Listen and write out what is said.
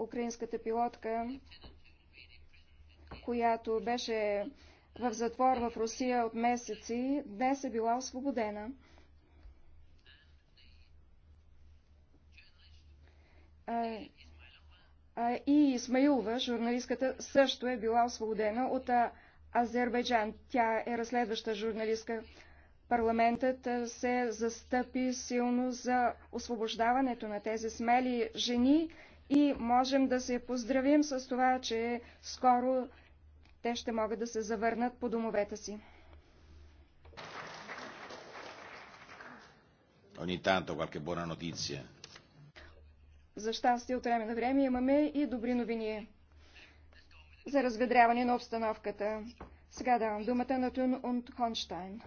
украинската пилотка, която беше в затвор в Русия от месеци, днес е била освободена. А, а, и Исмаилова, журналистката, също е била освободена от Азербайджан. Тя е разследваща журналистка. Парламентът се застъпи силно за освобождаването на тези смели жени и можем да се поздравим с това, че скоро те ще могат да се завърнат по домовете си. Ogni tanto qualche buona notizia. За щастие от време на време имаме и добри новини за разведряване на обстановката. Сега давам думата на Тюн Унт Хонштайн.